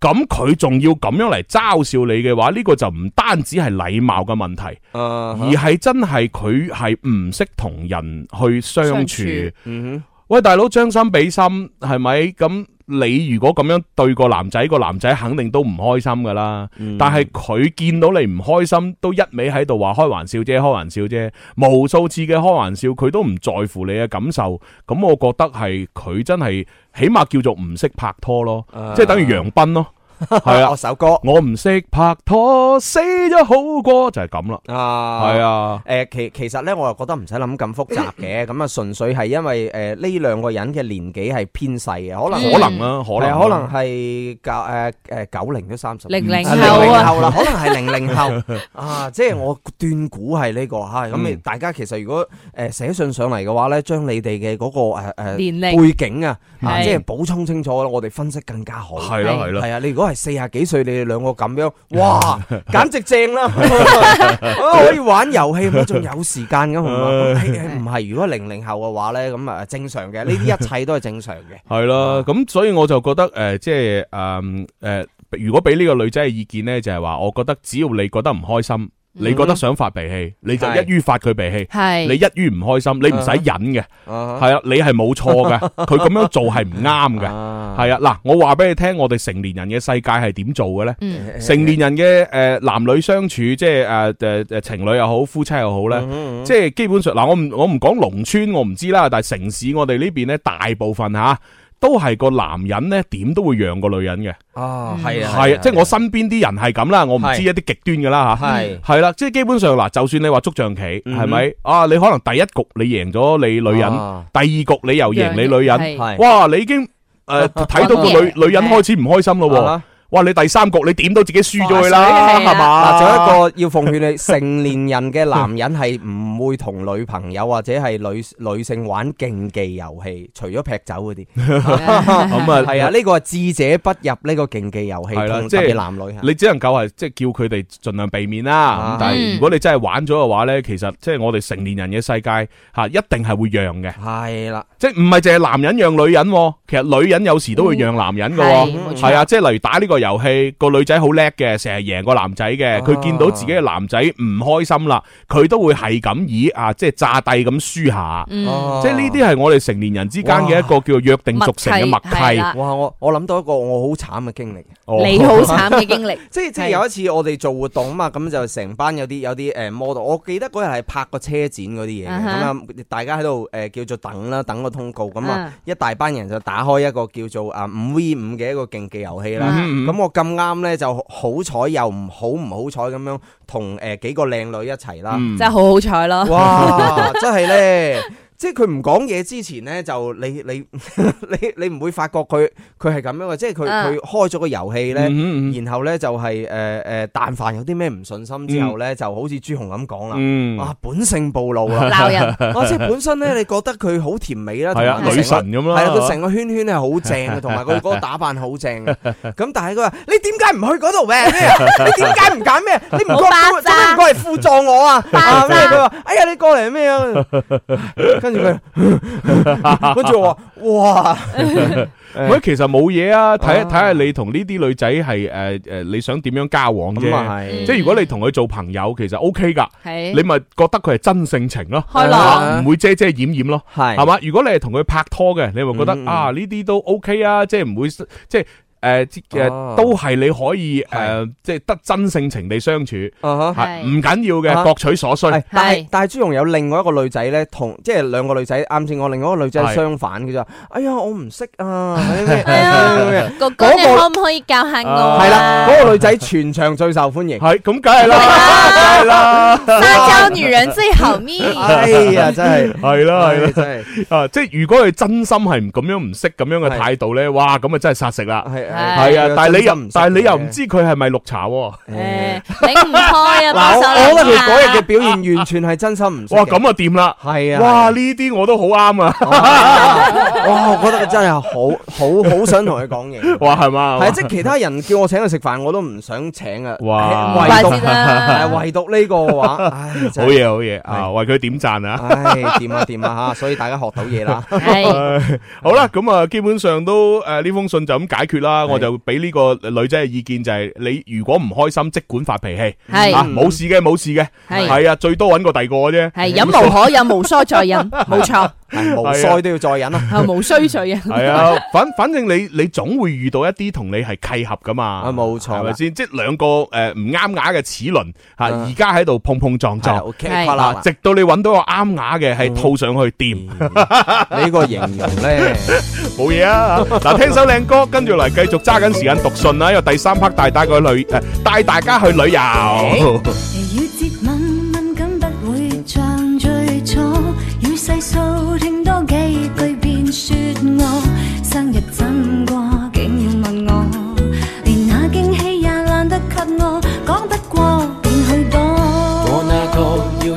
咁佢仲要咁樣嚟嘲笑你嘅話，呢、呢個就唔單止係禮貌嘅問題，啊、而係真係佢係唔識同人去相處。喂，大佬，將心比心，係咪咁？係你如果咁樣對個男仔，個男仔肯定都唔開心噶啦。嗯、但係佢見到你唔開心，都一味喺度話開玩笑啫，開玩笑啫。無數次嘅開玩笑，佢都唔在乎你嘅感受。咁我覺得係佢真係，起碼叫做唔識拍拖咯，啊、即係等於楊斌咯。係啊，首歌我唔識拍拖，死咗好過就係咁啦。啊，係啊。誒，其其實咧，我又覺得唔使諗咁複雜嘅，咁啊，純粹係因為誒呢兩個人嘅年紀係偏細嘅，可能可能啦，可咧可能係九誒誒九零都三十零零後啦，可能係零零後啊，即係我斷估係呢個吓。咁你大家其實如果誒寫信上嚟嘅話咧，將你哋嘅嗰個誒誒年齡背景啊，即係補充清楚啦，我哋分析更加好。係啦係啦，係啊，你如果係。四十幾歲，你哋兩個咁樣，哇，簡直正啦！ <laughs> <laughs> 可以玩遊戲，佢仲有時間噶。唔係，如果零零後嘅話呢，咁啊正常嘅，呢啲一切都係正常嘅。係啦的，咁哇所以我就覺得，誒、呃，即係，誒、呃呃，如果俾呢個女仔嘅意見呢，就係話，我覺得只要你覺得唔開心，你覺得想發脾氣，你就一於發佢脾氣。係是，你一於唔開心，你唔使忍嘅。係啊、uh huh.，你係冇錯嘅，佢咁 <laughs> 樣做係唔啱嘅。係啊、uh，嗱、huh.，我話俾你聽，我哋成年人嘅世界係點做嘅咧？Uh huh. 成年人嘅誒男女相處，即係誒誒誒情侶又好，夫妻又好咧，uh huh. 即係基本上嗱，我唔我唔講農村，我唔知啦，但係城市我哋呢邊咧，大部分嚇。都係個男人呢點都會讓個女人嘅。啊，係啊，係啊，即係我身邊啲人係咁啦，我唔知一啲極端㗎啦吓。係係啦，即係基本上嗱，就算你話捉象棋，係咪啊？你可能第一局你贏咗你女人，第二局你又贏你女人，哇！你已經誒睇到個女女人開始唔開心咯。哇！你第三局你點都自己輸咗啦，係嘛？嗱，仲有一個要奉勸你，成年人嘅男人係唔會同女朋友或者係女女性玩競技遊戲，除咗劈酒嗰啲。咁啊，係啊，呢個係智者不入呢個競技遊戲，特別男女。你只能夠係即係叫佢哋盡量避免啦。但係如果你真係玩咗嘅話咧，其實即係我哋成年人嘅世界吓，一定係會讓嘅。係啦，即係唔係淨係男人讓女人，其實女人有時都會讓男人嘅。係啊，即係例如打呢個。遊戲個女仔好叻嘅，成日贏個男仔嘅。佢、啊、見到自己嘅男仔唔開心啦，佢都會係咁以啊，即係詐帝咁輸下。嗯啊、即係呢啲係我哋成年人之間嘅一個叫做約定俗成嘅默契。哇！我我諗到一個我好慘嘅經歷，哦、你好慘嘅經歷。 <laughs> 即係即係有一次我哋做活動啊嘛，咁就成班有啲有啲誒 model。我記得嗰日係拍個車展嗰啲嘢，咁啊、嗯、哼大家喺度誒叫做等啦，等個通告咁啊，一大班人就打開一個叫做啊五 v 五嘅一個競技遊戲啦。嗯嗯嗯咁我咁啱呢，就好彩又唔好唔好彩咁樣同誒幾個靚女一齊啦，真係好好彩咯！哇，真係呢！即係佢唔講嘢之前咧，就你你你你唔會發覺佢佢係咁樣嘅，即係佢佢開咗個遊戲咧，然後咧就係誒誒，但凡有啲咩唔信心之後咧，就好似朱紅咁講啦，哇，本性暴露啊，鬧人，我即係本身咧，你覺得佢好甜美啦，係啊，女神咁樣，係啊，佢成個圈圈係好正，同埋佢嗰個打扮好正，咁但係佢話，你點解唔去嗰度咩？你點解唔揀咩？你唔過嚟，即係唔過嚟輔助我啊？咩？佢話，哎呀，你過嚟咩？跟住 <laughs> 我話，哇！我 <laughs> 其實冇嘢啊，睇一睇下你同呢啲女仔係誒誒，你想點樣交往咁嘛。係、嗯嗯、即係如果你同佢做朋友，其實 O K 噶，是你咪覺得佢係真性情咯，唔、嗯、會遮遮掩，掩掩咯，係係嘛？如果你係同佢拍拖嘅，你咪覺得嗯嗯啊呢啲都 O、OK、K 啊，即係唔會即係。誒，即誒，都係你可以誒，即係得真性情地相處，係唔緊要嘅，各取所需。但係但係朱容有另外一個女仔咧，同即係兩個女仔，啱先我另外一個女仔係相反嘅咋。哎呀，我唔識啊，哥哥，你可唔可以教下我？係啦，嗰個女仔全場最受歡迎，係咁梗係啦，係啦，撒嬌女人最好命。哎呀，真係係啦係啦，真係啊！即係如果佢真心係唔咁樣唔識咁樣嘅態度咧，哇，咁啊真係殺食啦。係啊，但係你又唔，但係你又唔知佢係咪綠茶喎？你唔開啊！嗱，我覺得佢嗰日嘅表現完全係真心唔錯，哇咁啊掂啦，係 <laughs> <laughs> 啊，哇呢啲我都好啱啊！哇！我覺得真係好好好想同佢講嘢，哇係嘛？係即係其他人叫我請佢食飯，我都唔想請啊！哇！唯獨唯獨呢個嘅話，好嘢好嘢啊！為佢點讚啊！唉，掂啊掂啊吓！所以大家學到嘢啦，好啦。咁啊，基本上都誒呢封信就咁解決啦。我就俾呢個女仔嘅意見就係：你如果唔開心，即管發脾氣，係冇事嘅，冇事嘅，係係啊，最多搵個第二個啫。係飲無可飲，無疏再飲，冇錯。係無須都要再忍啊，係無須再忍。係啊，反反正你你總會遇到一啲同你係契合噶嘛，啊冇錯，係咪先？即係兩個誒唔啱牙嘅齒輪吓，而家喺度碰碰撞撞，直到你揾到個啱牙嘅係套上去掂，你個形容咧冇嘢啊！嗱，聽首靚歌，跟住嚟繼續揸緊時間讀信啦，因為第三 part 帶大家去旅誒帶大家去旅遊。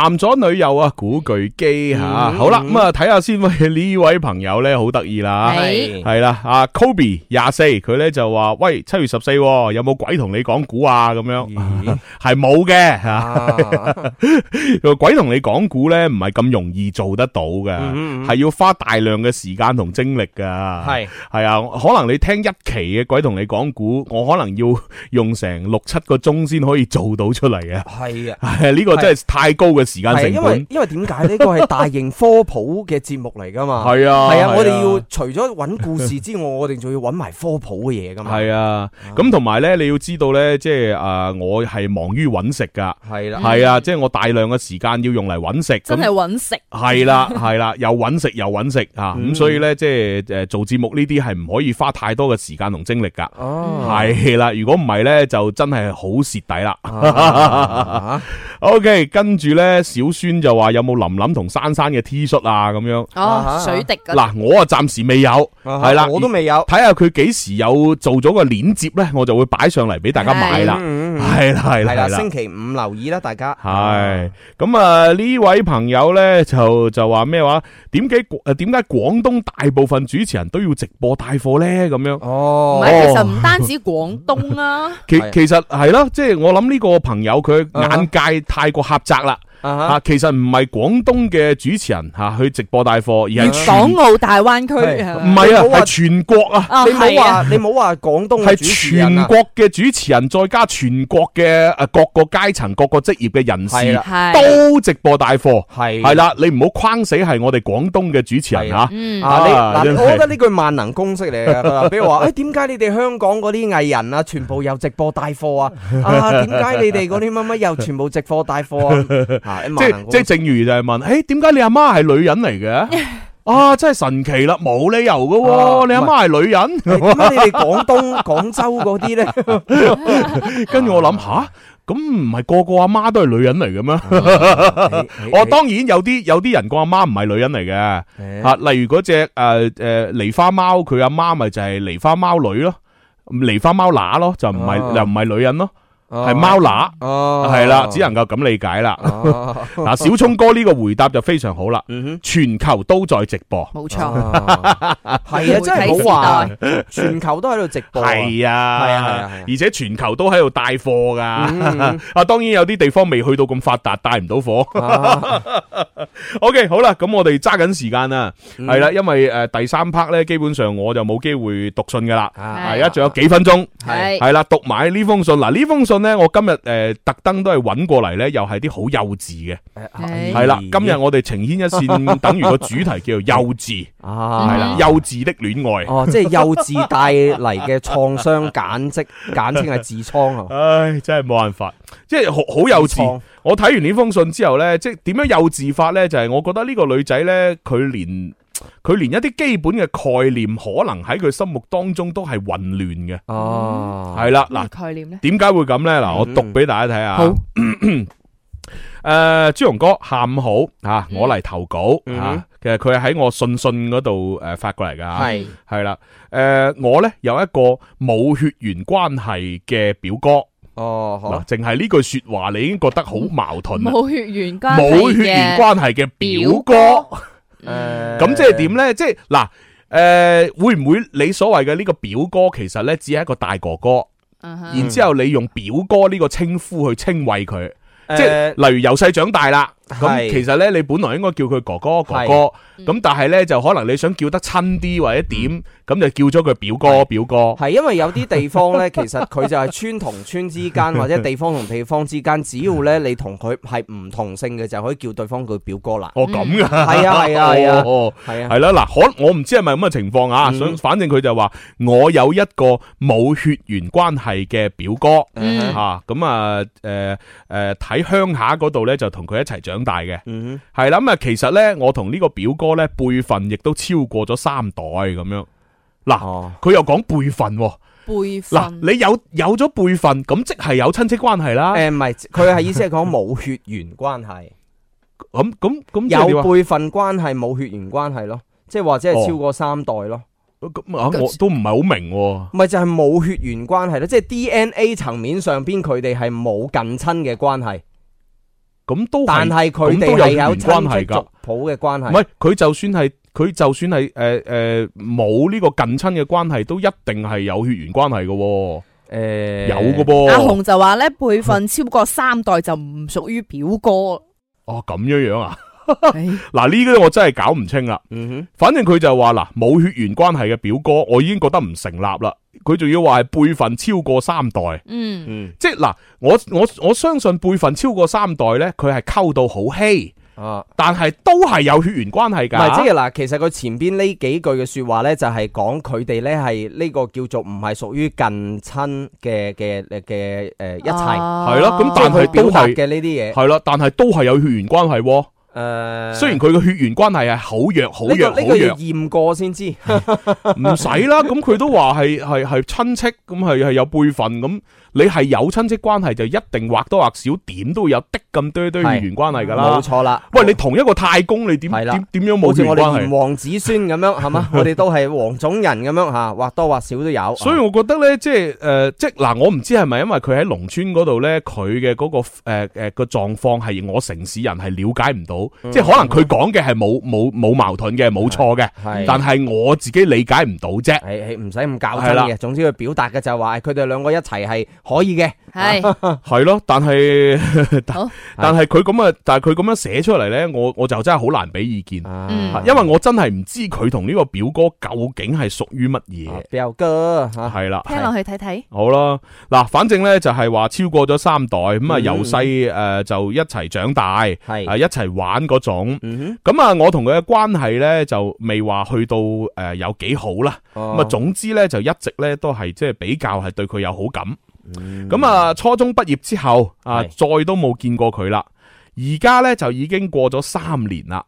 男左女右啊，古巨基吓，好啦咁啊，睇下先。喂呢位朋友咧好得意啦，係係啦啊，Kobe 廿四，佢咧就話喂，七月十四有冇鬼同你講股啊？咁樣係冇嘅，吓、嗯，鬼同你講股咧唔係咁容易做得到嘅，係要花大量嘅時間同精力噶。係係啊，可能你聽一期嘅鬼同你講股，我可能要用成六七個鐘先可以做到出嚟嘅，係啊的，呢 <laughs> 個真係太高嘅。的時間成本，因為因為點解呢個係大型科普嘅節目嚟噶嘛？係啊，係啊，我哋要除咗搵故事之外，我哋仲要搵埋科普嘅嘢噶嘛？係啊，咁同埋咧，你要知道咧，即係誒，我係忙於搵食噶，係啦，係啊，即係我大量嘅時間要用嚟搵食，真係搵食，係啦，係啦，又搵食又搵食啊！咁所以咧，即係誒，做節目呢啲係唔可以花太多嘅時間同精力噶，係啦。如果唔係咧，就真係好蝕底啦。OK，跟住咧。小孫就話有冇林林同珊珊嘅 T 恤啊？咁樣哦，水滴嗱，我啊暫時未有，係啦，我都未有，睇下佢幾時有做咗個鏈接咧，我就會擺上嚟俾大家買啦，係啦，係啦，星期五留意啦，大家係咁啊！呢位朋友咧就就話咩話？點解廣誒點解廣東大部分主持人都要直播帶貨咧？咁樣哦，唔係，其實唔單止廣東啊，其其實係咯，即係我諗呢個朋友佢眼界太過狹窄啦。吓，其實唔係廣東嘅主持人吓去直播帶貨，而係港澳大灣區，唔係啊，係全國啊，你唔好話你唔好話廣東係全國嘅主持人，再加全國嘅誒各個階層、各個職業嘅人士都直播帶貨，係啦，你唔好框死係我哋廣東嘅主持人吓。嗱，我覺得呢句萬能公式嚟噶，比如話誒，點解你哋香港嗰啲藝人啊，全部又直播帶貨啊？啊，點解你哋嗰啲乜乜又全部直播帶貨啊？即係即係，正如就係問，誒，點解你阿媽係女人嚟嘅？啊，真係神奇啦，冇理由㗎，你阿媽係女人。點解你哋廣東廣州嗰啲咧，跟住我諗下，咁唔係個個阿媽都係女人嚟嘅咩？我當然有啲有啲人個阿媽唔係女人嚟嘅吓，例如嗰隻誒誒狸花貓，佢阿媽咪就係狸花貓女咯，狸花貓乸咯，就唔係又唔係女人咯。係貓乸，係啦，只能夠咁理解啦。嗱，小聰哥呢個回答就非常好啦。全球都在直播，冇錯，係啊，真係好話全球都喺度直播，係啊，係啊，係啊，而且全球都喺度帶貨噶。啊，當然有啲地方未去到咁發達，帶唔到貨。O K，好啦，咁我哋揸緊時間啦，係啦，因為誒第三 part 咧，基本上我就冇機會讀信噶啦。係啊，仲有幾分鐘，係係啦，讀埋呢封信。嗱，呢封信。咧，我今日誒、呃、特登都係揾過嚟咧，又係啲好幼稚嘅，係啦、哎。今日我哋情牽一線，等於個主題叫做幼稚，係啦、啊，幼稚的戀愛。哦、啊，即係幼稚帶嚟嘅創傷，簡直簡稱係痔瘡啊！唉、哎，真係冇辦法，即係好，好幼稚。瘡我睇完呢封信之後咧，即係點樣幼稚法咧？就係、是、我覺得呢個女仔咧，佢連。佢連一啲基本嘅概念，可能喺佢心目當中都係混亂嘅。哦、啊，係啦了，嗱，概念咧，點解會咁咧？嗱、嗯，我讀俾大家睇下。好，誒、 <coughs> 呃，朱紅哥，下午好啊，我嚟投稿、嗯、啊。嗯、哼其實佢喺我信信嗰度誒發過嚟噶。係係啦，誒、呃，我咧有一個冇血緣關係嘅表哥。哦、嗱，淨係呢句說話，你已經覺得好矛盾。冇血緣關冇血緣關係嘅表哥。咁、嗯、即係點呢？即係嗱，誒、呃，會唔會你所謂嘅呢個表哥，其實呢，只係一個大哥哥，嗯、哼然之後你用表哥呢個稱呼去稱謂佢，即係、呃、例如由細長大啦。咁其實咧，你本來應該叫佢哥哥哥哥，咁但係咧就可能你想叫得親啲或者點，咁就叫咗佢表哥表哥。係因為有啲地方咧，其實佢就係村同村之間或者地方同地方之間，只要咧你同佢係唔同性嘅，就可以叫對方佢表哥啦。哦咁噶，係啊係啊係啊係啊，係啦嗱，可我唔知係咪咁嘅情況啊？想反正佢就話我有一個冇血緣關係嘅表哥吓，咁啊誒誒睇鄉下嗰度咧就同佢一齊長長大嘅，係啦咁啊，其實咧，我同呢個表哥咧，輩份亦都超過咗三代咁樣。嗱，佢、哦、又講輩份輩份，嗱，你有有咗輩份，咁即係有親戚關係啦。誒、呃，唔係，佢係意思係講冇血緣關係。咁咁咁，有輩份關係冇血緣關係咯，即係或者係超過三代咯。咁、哦、啊，我都唔係好明。唔係就係冇、就是、血緣關係啦，即、就、係、是、DNA 層面上邊佢哋係冇近親嘅關係。咁都但係，佢都有關係，族譜嘅關係。唔係，佢就算係，佢就算係，誒、呃、誒，冇、呃、呢個近親嘅關係，都一定係有血緣關係嘅、哦。誒、呃，有嘅噃、哦啊。阿紅就話咧，輩份超過三代就唔屬於表哥。哦、啊，咁樣樣啊？嗱，呢啲 <laughs> 我真係搞唔清啦。嗯哼、mm，hmm. 反正佢就話嗱，冇血緣關係嘅表哥，我已經覺得唔成立啦。佢仲要話係輩分超過三代。嗯嗯、mm，hmm. 即係嗱，我我我相信輩分超過三代咧，佢係溝到好稀啊，但係都係有血緣關係噶。唔係，即係嗱，其實佢前邊呢幾句嘅說話咧，就係講佢哋咧係呢個叫做唔係屬於近親嘅嘅嘅誒一齊係啦。咁但係都係嘅呢啲嘢係啦，但係都係、啊、有血緣關係。誒，雖然佢、這個血緣關係係好弱、 <laughs> 好弱、好弱，驗過先知，唔使啦。咁佢都話係係係親戚，咁係係有輩分咁。你係有親戚關係，就一定或多或少點都會有的咁堆堆血緣關係噶啦，冇錯啦。喂，你同一個太公你點點點樣冇關係？好似我哋炎黃子孫咁樣係嘛？我哋都係黃種人咁樣吓，或多或少都有。所以我覺得咧，即係誒，即嗱，我唔知係咪因為佢喺農村嗰度咧，佢嘅嗰個誒誒個狀況係我城市人係了解唔到，即係可能佢講嘅係冇冇冇矛盾嘅，冇錯嘅，但係我自己理解唔到啫。係係唔使咁較佢嘅。總之佢表達嘅就係話，佢哋兩個一齊係。可以嘅，係係咯，但係但係佢咁啊，但係佢咁樣寫出嚟咧，我我就真係好難俾意見，嗯，因為我真係唔知佢同呢個表哥究竟係屬於乜嘢表哥，啊，係啦，聽落去睇睇，好啦，嗱，反正咧就係話超過咗三代咁啊，由細誒就一齊長大，係啊，一齊玩嗰種，咁啊，嗯哼，我同佢嘅關係咧就未話去到誒有幾好啦，咁啊，嗯，總之咧就一直咧都係即係比較係對佢有好感。咁啊，嗯、初中畢業之後啊，是再都冇見過佢啦。而家咧就已經過咗三年啦。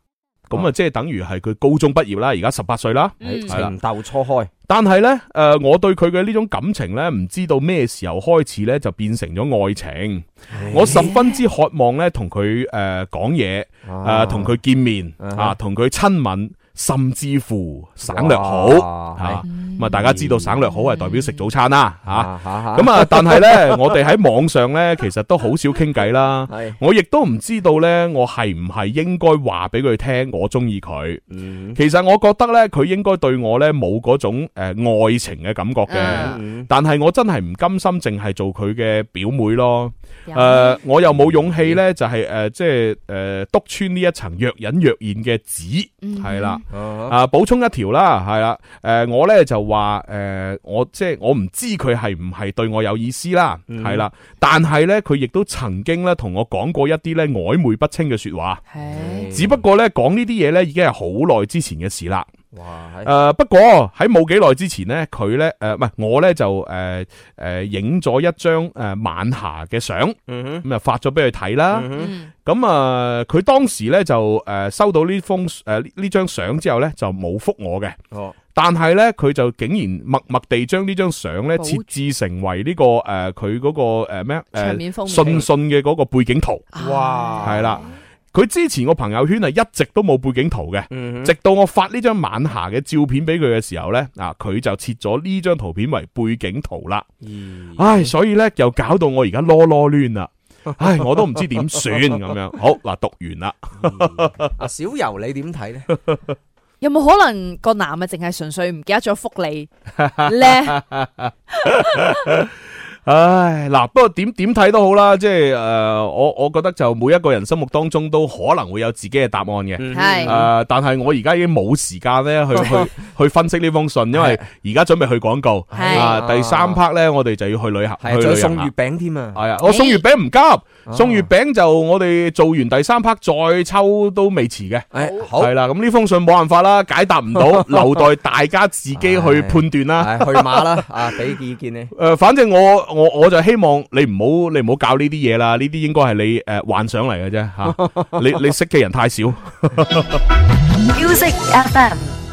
咁啊，即係等於係佢高中畢業啦，而家十八歲啦。係、嗯，情竇初開。但係咧，誒，我對佢嘅呢種感情咧，唔知道咩時候開始咧，就變成咗愛情。的我十分之渴望咧，同佢誒講嘢，誒，同、呃、佢見面啊，同佢親吻。甚至乎省略好，係咁哇啊！是嗯、大家知道省略好係代表食早餐啦、啊，吓咁、嗯、啊，啊！但係呢， <laughs> 我哋喺網上呢其實都好少傾偈啦。是我亦都唔知道呢，我係唔係應該話俾佢聽我中意佢？嗯、其實我覺得呢，佢應該對我呢冇嗰種誒、呃、愛情嘅感覺嘅，嗯嗯、但係我真係唔甘心，淨係做佢嘅表妹咯。誒、嗯呃，我又冇勇氣咧，就係、是、誒、呃，即係誒，督、呃、穿呢一層若隱若現嘅紙，係啦、嗯，啊，補、呃、充一條啦，係啦，誒、呃，我咧就話，誒、呃，我即係我唔知佢係唔係對我有意思啦，係啦，嗯、但係咧，佢亦都曾經咧同我講過一啲咧曖昧不清嘅說話，嗯、只不過咧講呢啲嘢咧已經係好耐之前嘅事啦。哇！誒、呃，不過喺冇幾耐之前咧，佢咧誒，唔、呃、係、呃、我咧就誒誒影咗一張誒晚霞嘅相，咁啊、嗯、哼發咗俾佢睇啦。咁啊、嗯哼，佢、呃、當時咧就誒、呃、收到呢封誒呢張相之後咧就冇覆我嘅。哦，但係咧佢就竟然默默地將呢張相咧設置成為呢、這個誒佢嗰個誒咩啊誒信信嘅嗰個背景圖。呃、哇，係啦。佢之前個朋友圈係一直都冇背景圖嘅，嗯、哼直到我發呢張晚霞嘅照片俾佢嘅時候呢，啊佢就設咗呢張圖片為背景圖啦。嗯、唉，所以呢，又搞到我而家囉囉攣啦。 <laughs> 唉，我都唔知點算咁樣。好嗱，讀完啦、 <laughs> 啊。小游你點睇呢？ <laughs> 有冇可能個男啊淨係純粹唔記得咗覆你呢？ <laughs> <laughs> <laughs> 唉，嗱，不過點點睇都好啦，即係誒，我我覺得就每一個人心目當中都可能會有自己嘅答案嘅，係誒，但係我而家已經冇時間咧去去去分析呢封信，因為而家準備去廣告，係啊，第三 part 咧，我哋就要去旅行，係再送月餅添啊，係啊，我送月餅唔急，送月餅就我哋做完第三 part 再抽都未遲嘅，係好，係啦，咁呢封信冇辦法啦，解答唔到，留待大家自己去判斷啦，去馬啦，啊，俾意見你，誒，反正我。我我就希望你唔好你唔好搞呢啲嘢啦，呢啲應該係你誒、呃、幻想嚟嘅啫吓，你你識嘅人太少。 <laughs> Music,